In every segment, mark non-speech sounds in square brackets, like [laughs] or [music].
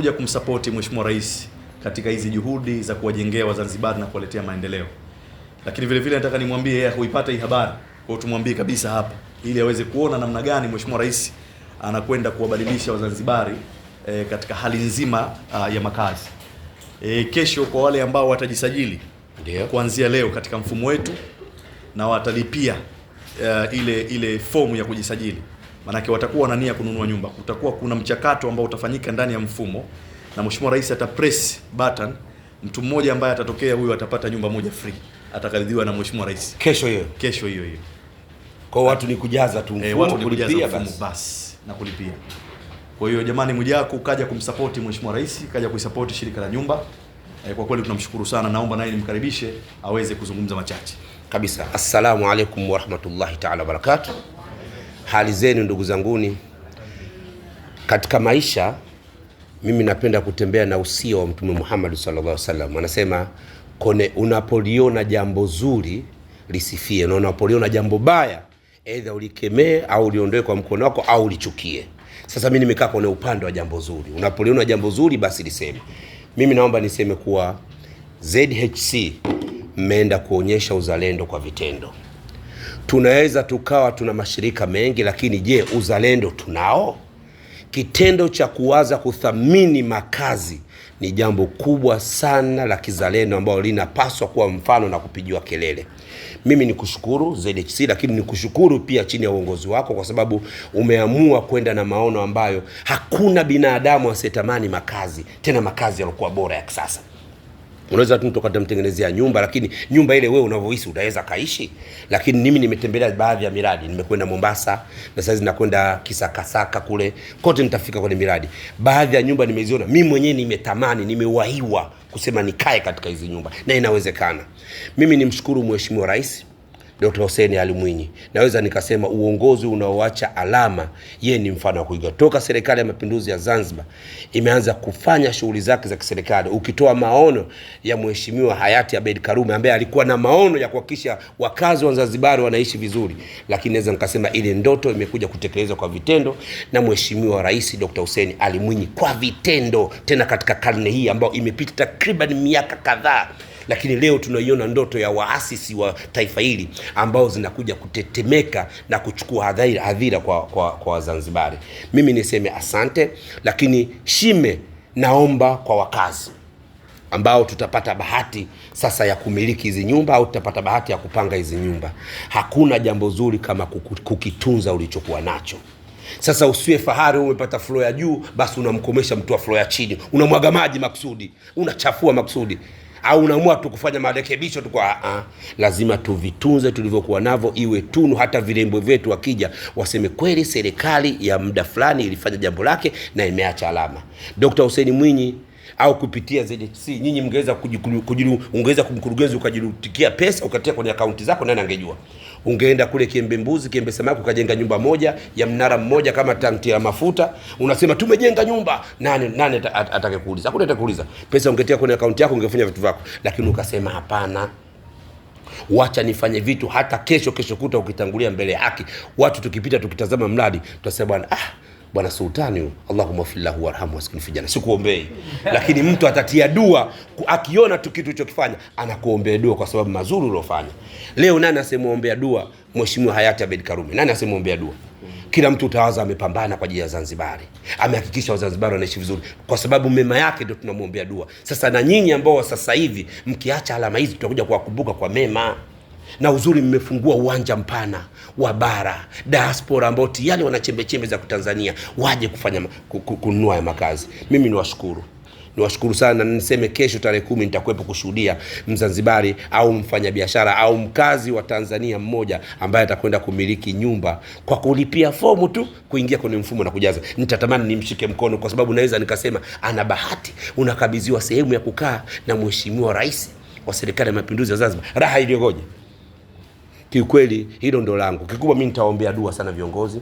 kuja kumsapoti Mheshimiwa Rais katika hizi juhudi za kuwajengea Wazanzibari na kuwaletea maendeleo. Lakini vile vile nataka nimwambie yeye huipata hii habari, kwa hiyo tumwambie kabisa hapa ili aweze kuona namna gani Mheshimiwa Rais anakwenda kuwabadilisha Wazanzibari e, katika hali nzima a, ah, ya makazi. E, kesho kwa wale ambao watajisajili ndio kuanzia leo katika mfumo wetu na watalipia e, ile ile fomu ya kujisajili Maanake watakuwa na nia kununua nyumba, kutakuwa kuna mchakato ambao utafanyika ndani ya mfumo, na mheshimiwa rais atapress button, mtu mmoja ambaye atatokea huyo atapata nyumba moja free, atakabidhiwa na mheshimiwa rais kesho hiyo kesho hiyo hiyo. Kwa watu ni kujaza tu eh, mfumo, e, kulipia basi bas, na kulipia. Kwa hiyo jamani, Mwijaku kaja kumsupport mheshimiwa rais, kaja kuisupport shirika la nyumba e, kwa kweli tunamshukuru sana. Naomba naye nimkaribishe aweze kuzungumza machache kabisa. Assalamu alaikum warahmatullahi taala wabarakatuh hali zenu ndugu zanguni. Katika maisha mimi napenda kutembea na usia wa Mtume Muhammad sallallahu alaihi wasallam, anasema kone, unapoliona jambo zuri lisifie, na unapoliona jambo baya aidha ulikemee au liondoe kwa mkono wako au lichukie. Sasa mimi nimekaa kwenye upande wa jambo zuri, unapoliona jambo zuri basi liseme. Mimi naomba niseme kuwa ZHC mmeenda kuonyesha uzalendo kwa vitendo tunaweza tukawa tuna mashirika mengi, lakini je, uzalendo tunao? Kitendo cha kuwaza kuthamini makazi ni jambo kubwa sana la kizalendo ambalo linapaswa kuwa mfano na kupigiwa kelele. Mimi ni kushukuru ZHC, lakini ni kushukuru pia chini ya uongozi wako, kwa sababu umeamua kwenda na maono ambayo hakuna binadamu asiyetamani makazi, tena makazi yaliokuwa bora ya kisasa. Unaweza tu mtu katamtengenezea nyumba, lakini nyumba ile wewe unavyohisi utaweza kaishi. Lakini mimi nimetembelea baadhi ya miradi, nimekwenda Mombasa na sasa nakwenda Kisakasaka kule kote, nitafika kwenye miradi. Baadhi ya nyumba nimeziona mimi mwenyewe, nimetamani, nimewahiwa kusema nikae katika hizi nyumba, na inawezekana. Mimi nimshukuru Mheshimiwa Rais Dr. Hussein Ali Mwinyi. Naweza nikasema uongozi unaoacha alama, yeye ni mfano wa kuiga Toka serikali ya mapinduzi ya Zanzibar imeanza kufanya shughuli zake za kiserikali, ukitoa maono ya mheshimiwa hayati Abeid Karume ambaye alikuwa na maono ya kuhakikisha wakazi wa Zanzibar wanaishi vizuri, lakini naweza nikasema ile ndoto imekuja kutekelezwa kwa vitendo na mheshimiwa Rais Dr. Hussein Ali Mwinyi kwa vitendo, tena katika karne hii ambayo imepita takriban miaka kadhaa lakini leo tunaiona ndoto ya waasisi wa taifa hili ambao zinakuja kutetemeka na kuchukua hadhira, hadhira kwa, kwa, kwa Wazanzibari. Mimi niseme asante, lakini shime naomba kwa wakazi ambao tutapata bahati sasa ya kumiliki hizi nyumba au tutapata bahati ya kupanga hizi nyumba. Hakuna jambo zuri kama kukitunza ulichokuwa nacho. Sasa usiwe fahari umepata flo ya juu, basi unamkomesha mtu wa flo ya chini, unamwaga maji makusudi, unachafua makusudi au unaamua tu kufanya marekebisho tu kwa uh, lazima tuvitunze tulivyokuwa navyo, iwe tunu. Hata virembo vyetu wakija waseme kweli, serikali ya muda fulani ilifanya jambo lake na imeacha alama. Dr. Hussein Mwinyi au kupitia ZHC nyinyi mngeweza kujiru, ungeweza kumkurugenzi ukajirutikia pesa ukatia kwenye akaunti zako, nani angejua? Ungeenda kule Kiembe Mbuzi, Kiembe Samaki, ukajenga nyumba moja ya mnara mmoja kama tanki ya mafuta, unasema tumejenga nyumba. Nani nani atakayekuuliza? Hakuna atakayekuuliza. Pesa ungetia kwenye akaunti yako, ungefanya vitu vyako, lakini ukasema hapana wacha nifanye vitu hata kesho kesho kuta, ukitangulia mbele ya haki. Watu tukipita tukitazama mradi tutasema bwana, ah bwana sultani, Allahumma fillahu warhamu waskini fijana, sikuombei [laughs] lakini mtu atatia dua akiona tu kitu ulichokifanya, anakuombea dua kwa sababu mazuri uliofanya. Leo nani asemuombea dua mheshimiwa hayati Abed Karume? Nani asemuombea dua? Kila mtu utawaza amepambana kwa ajili ya Zanzibari, amehakikisha Wazanzibari wanaishi vizuri, kwa sababu mema yake ndio tunamwombea dua. Sasa na nyinyi ambao sasa hivi mkiacha alama hizi, tutakuja kuwakumbuka kwa mema na uzuri mmefungua uwanja mpana wa bara diaspora ambao tayari wana chembechembe za kutanzania waje kufanya kununua ya makazi. Mimi niwashukuru niwashukuru sana, niseme kesho tarehe kumi nitakuwepo kushuhudia Mzanzibari au mfanyabiashara au mkazi wa Tanzania mmoja ambaye atakwenda kumiliki nyumba kwa kulipia fomu tu, kuingia kwenye mfumo na kujaza. Nitatamani nimshike mkono, kwa sababu naweza nikasema ana bahati. Unakabidhiwa sehemu ya kukaa na Mheshimiwa Rais wa Serikali ya Mapinduzi ya Zanzibar, raha iliyogoje! Kiukweli hilo ndo langu kikubwa. Mimi nitaombea dua sana viongozi,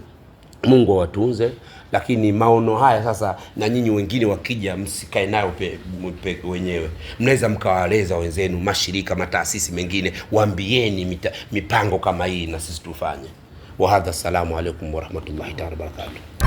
Mungu awatunze. Lakini maono haya sasa, na nyinyi wengine wakija, msikae nayo pe, pe, wenyewe mnaweza mkawaeleza wenzenu, mashirika, mataasisi mengine, waambieni mipango kama hii na sisi tufanye. Wahadha, assalamu alaikum warahmatullahi taala wabarakatuh.